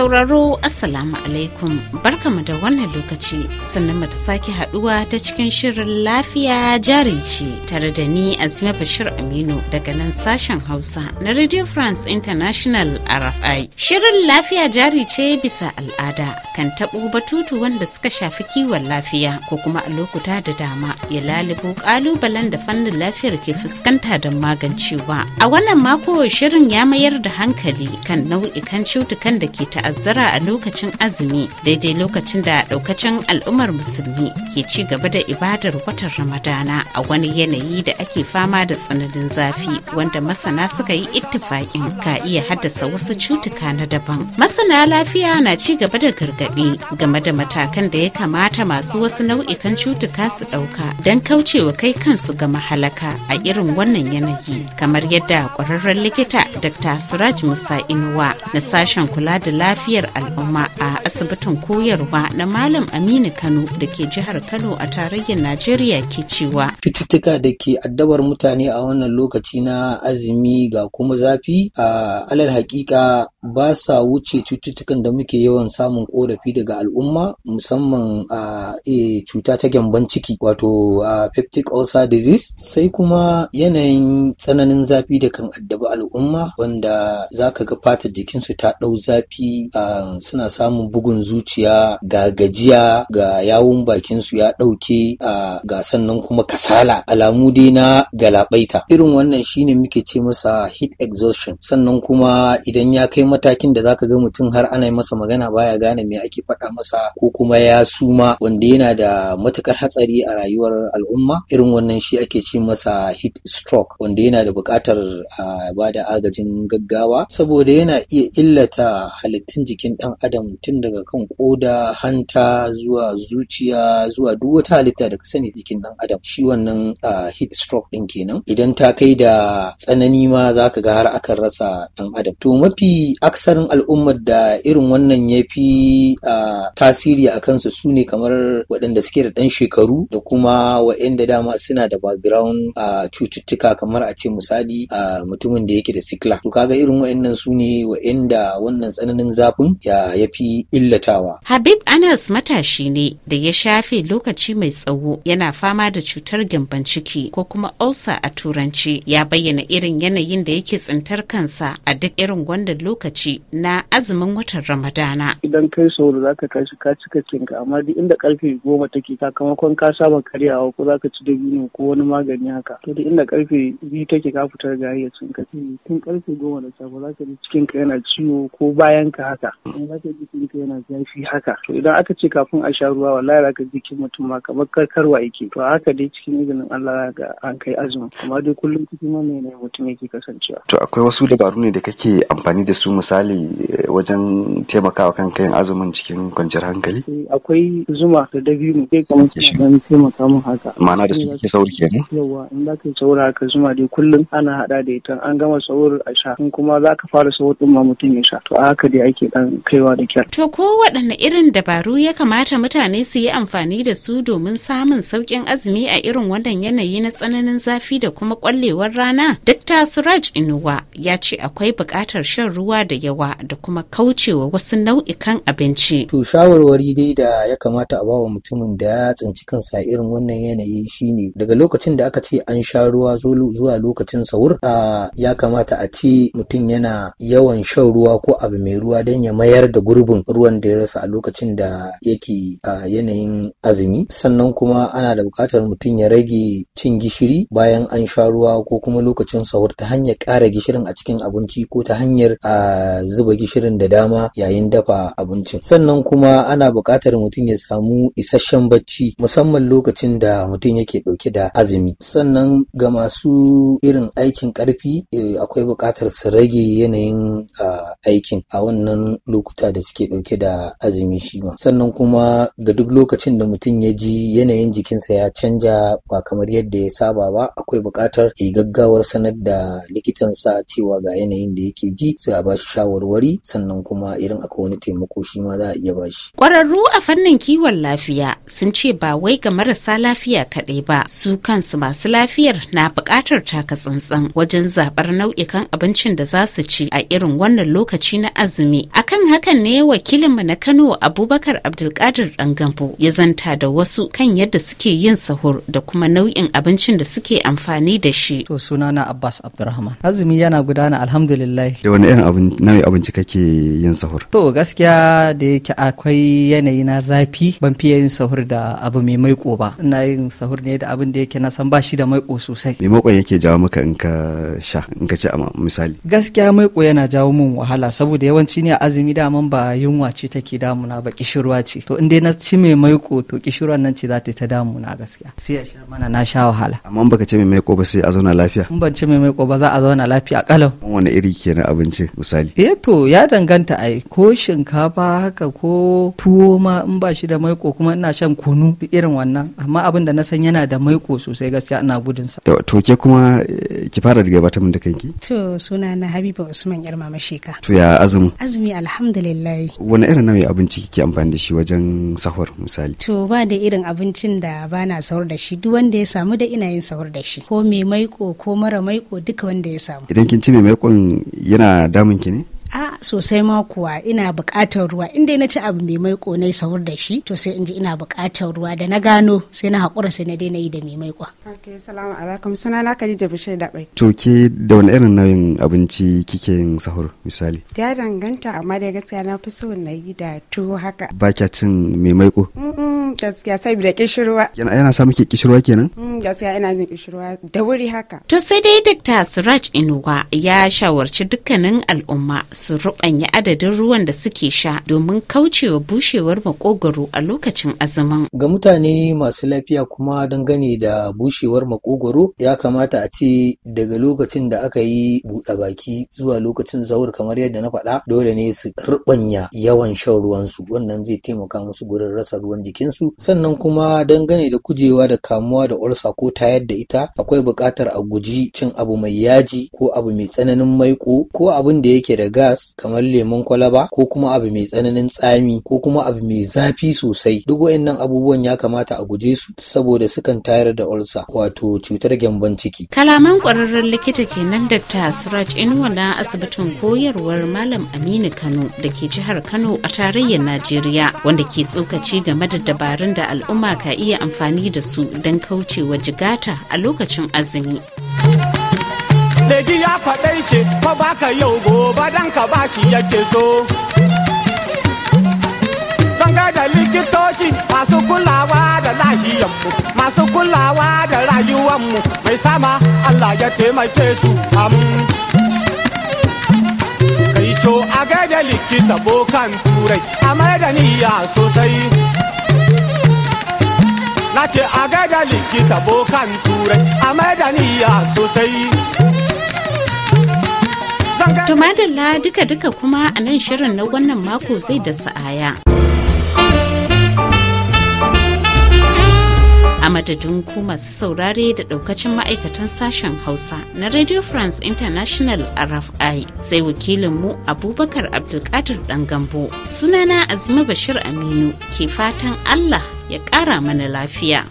sauraro Assalamu alaikum barkamu da wannan lokaci sannan mu sake haduwa ta cikin shirin lafiya jari ce tare da ni Azima Bashir Aminu daga nan sashen Hausa na Radio France International RFI. Shirin lafiya jari ce bisa al'ada kan tabo batutu wanda suka shafi kiwon lafiya ko kuma a lokuta da dama ya lalubo kalubalen da fannin lafiyar ke fuskanta da magancewa. A wannan mako shirin ya mayar da hankali kan nau'ikan cutukan da ke ta'azzara ta'azzara a lokacin azumi daidai lokacin da daukacin al'ummar musulmi ke ci gaba da ibadar watan ramadana a wani yanayi da ake fama da tsananin zafi wanda masana suka yi ittifakin ka iya haddasa wasu cutuka na daban masana lafiya na ci gaba da gargaɗi game da matakan da ya kamata masu wasu nau'ikan cutuka su ɗauka don kaucewa kai kansu ga mahalaka a irin wannan yanayi kamar yadda ƙwararren likita dr suraj musa inuwa na sashen kula da lafiya lafiyar al'umma a asibitin koyarwa na Malam Aminu Kano da ke jihar Kano a tarayyar Najeriya ke cewa. Cututtuka da ke addabar mutane a wannan lokaci na azumi ga kuma zafi a alal hakika ba sa wuce cututtukan da muke yawan samun korafi daga al'umma musamman a e, cuta ta gyamban ciki wato peptic ulcer disease sai kuma yanayin tsananin zafi da kan addabi al'umma wanda za ka ga fatar jikinsu ta ɗau zafi suna samun bugun zuciya ga gajiya ga yawun bakinsu ya ɗauke a ga sannan kuma kasala alamu dai na galabaita irin wannan shine muke ce masa heat exhaustion sannan kuma idan ya kai matakin da zaka ga mutum har ana masa magana baya gane me ake faɗa masa ko kuma ya suma wanda yana da matukar hatsari a rayuwar al'umma irin wannan shi ake ce masa heat stroke wanda yana da buƙatar a bada agajin gaggawa saboda yana iya illata halittun cikin jikin ɗan adam tun daga kan koda, hanta zuwa zuciya zuwa duk wata halitta da ka sani jikin ɗan adam shi wannan hit ah, stroke ɗin kenan idan ta kai da tsanani ma za ka ga har akan rasa ɗan adam to mafi aksarin al'ummar da irin wannan ya fi ah, tasiri a kansu su ne kamar waɗanda suke da ɗan shekaru da kuma waɗanda dama suna da background a ah, cututtuka kamar a ce misali a mutumin da yake da sikla to kaga irin waɗannan su ne waɗanda wannan tsananin za zafin ya yafi illatawa. Habib Anas matashi ne da ya shafe lokaci mai tsawo yana fama da cutar gyamban ciki ko kuma ulcer a turanci ya bayyana irin yanayin da yake tsintar kansa a duk irin gwandan lokaci na azumin watan Ramadana. Idan kai sauro zaka kashi ka cika cinka amma duk inda karfe goma take sakamakon ka saba karyawa ko zaka ci dabino ko wani magani haka to duk inda karfe biyu take ka fitar ga hayyacinka tun karfe goma da safe zaka ji ka yana ciwo ko bayan ka haka in za ka jikin ka yana zafi haka to idan aka ce kafin a sha ruwa wallahi za ka jikin mutum ma kamar karkarwa yake to haka dai cikin izinin Allah ga an kai azumi amma dai kullum cikin wannan ne mutum yake kasancewa to akwai wasu dabaru ne da kake amfani da su misali eh, wajen taimakawa kan yin azumin cikin kwanciyar hankali eh, akwai zuma da dabino sai kamar su taimaka mun haka ma'ana da su ke sauri kenan yawa in za ka saura ka zuma dai kullum ana hada da ita an gama sauri a sha kuma za ka fara sauri din ma mutum ya sha to haka dai ake dan kaiwa da kyar. To ko waɗanne irin dabaru ya kamata mutane su yi amfani da su domin samun sauƙin azumi a irin wannan yanayi na tsananin zafi da kuma ƙwallewar rana? Dr. Suraj Inuwa ya ce akwai buƙatar shan ruwa da yawa da kuma kaucewa wasu nau'ikan abinci. To shawarwari dai da ya kamata a bawa mutumin da ya tsinci kansa irin wannan yanayi shine daga lokacin da aka ce an sha ruwa zuwa lokacin sahur ya kamata a ce mutum yana yawan shan ruwa ko abu mai ruwa don ya mayar da gurbin ruwan da ya rasa a lokacin da yake a yanayin azumi sannan kuma ana da buƙatar mutum ya rage cin gishiri bayan an sha ruwa ko kuma lokacin sahur ta hanyar kara gishirin a cikin abinci ko ta hanyar a zuba gishirin da dama yayin dafa abinci sannan kuma ana buƙatar mutum ya samu isasshen bacci musamman lokacin da mutum yake ɗauke da azumi sannan ga masu irin aikin ƙarfi eh, akwai buƙatar su rage yanayin aikin a wannan wannan lokuta da suke ɗauke da azumi shi ma sannan kuma ga duk lokacin da mutum ya ji yanayin jikinsa ya canja ba kamar yadda ya saba ba akwai buƙatar ya gaggawar sanar da likitansa cewa ga yanayin da yake ji sai a bashi shawarwari sannan kuma irin akwai wani taimako shi ma za a iya bashi ƙwararru a fannin kiwon lafiya sun ce ba wai ga marasa lafiya kaɗai ba su kansu masu lafiyar na buƙatar taka tsantsan wajen zaɓar nau'ikan abincin da za su ci a irin wannan lokaci na azumi akan hakan ne wakilinmu na kano abubakar abdulkadir dangambo ya zanta da wasu kan yadda suke yin sahur da kuma nau'in abincin da suke amfani da shi to sunana abbas abdurrahman azumi yana gudana alhamdulillah da wani yan nau'in abinci kake yin sahur to gaskiya da yake akwai yanayi na zafi ban fiye yin sahur da abu mai maiko ba ina yin sahur ne da abin da yake na san ba shi da maiko sosai mai maikon yake jawo maka in ka sha in ka ci a misali gaskiya maiko yana jawo min wahala saboda yawanci ne azumi daman ba yunwa ce take damuna ba kishirwa ce to in dai na ci mai maiko to kishirwan nan ce za ta ta damuna gaskiya sai ya sha mana na sha wahala amma baka ci mai maiko ba sai a zauna lafiya in ban ci mai maiko ba za a zauna lafiya a kalau wani iri kenan abinci misali eh to ya danganta ai ko shinkafa haka ko tuwo ma in ba shi da maiko kuma ina shan kunu irin wannan amma abin da na san yana da maiko sosai gaskiya ina gudun sa to ke kuma eh, ki fara daga bata da kanki to suna na Habiba Usman yar mama sheka to ya azumi azumi lami alhamdulillah wani irin nau'in abinci kike amfani da shi wajen sahur misali to ba da irin abincin da bana sahur da shi duk wanda ya samu da ina yin sahur da shi ko mai maiko ko mara maiko duka wanda ya samu idan kin ci mai maikon yana damun ki ne a sosai ma kuwa ina buƙatar ruwa in dai na ci abu mai ko na saur da shi to sai in ji ina buƙatar ruwa da na gano sai na haƙura sai na daina yi da mai maiko. ok salamu alaikum suna na khadija da bai. to ke da wani irin nauyin abinci kike yin sahur misali. ya danganta amma da gaskiya na fi so na yi da tuwo haka. ba kya cin mai ko. gaskiya sai da kishirwa. yana sa muke kishirwa kenan. Mm, gaskiya ina jin kishirwa da wuri haka. to sai dai Dr. siraj inuwa ya shawarci dukkanin al'umma su ruɓanya adadin ruwan da suke sha domin kaucewa bushewar makogwaro a lokacin azumin. Ga mutane masu lafiya kuma dangane da bushewar makogwaro ya kamata a ce daga lokacin da aka yi buɗe baki zuwa lokacin zauri kamar yadda na faɗa dole ne su ruɓanya yawan shan ruwan su wannan zai taimaka musu gurin rasa ruwan jikin su sannan kuma dangane da kujewa da kamuwa da ulsa ko tayar da ita akwai buƙatar a guji cin abu mai yaji ko abu mai tsananin maiko ko abin da yake da gas gas kamar lemon kwalaba ko kuma abu mai tsananin tsami ko kuma abu mai zafi sosai duk wayannan abubuwan ya kamata a guje su saboda sukan tayar da ulsa wato cutar gyambon ciki kalaman kwararren likita kenan Dr. Suraj Inuwa na asibitin koyarwar Malam Aminu Kano da ke jihar Kano a tarayyar Najeriya wanda ke tsokaci game da dabarun da al'umma ka iya amfani da su don kaucewa jigata a lokacin azumi Legi ya kwaɗai ce, fa baka yau gobe dan ka bashi yake so. Sanga da likitoci masu kulawa da lahiyanmu, masu kulawa da mu mai sama Allah ya taimake su am. Kai co a gaida likita bokan turai, a mai da niyya sosai. na a gaida likita bokan turai a niyya sosai To duka-duka kuma a nan shirin na wannan mako zai da sa'aya. A madadin ku masu saurare da daukacin ma'aikatan sashen Hausa na Radio France International RFI sai wakilinmu Abubakar Abdulkadir Dangambo. Sunana Azima Bashir Aminu ke fatan Allah ya ƙara mana lafiya.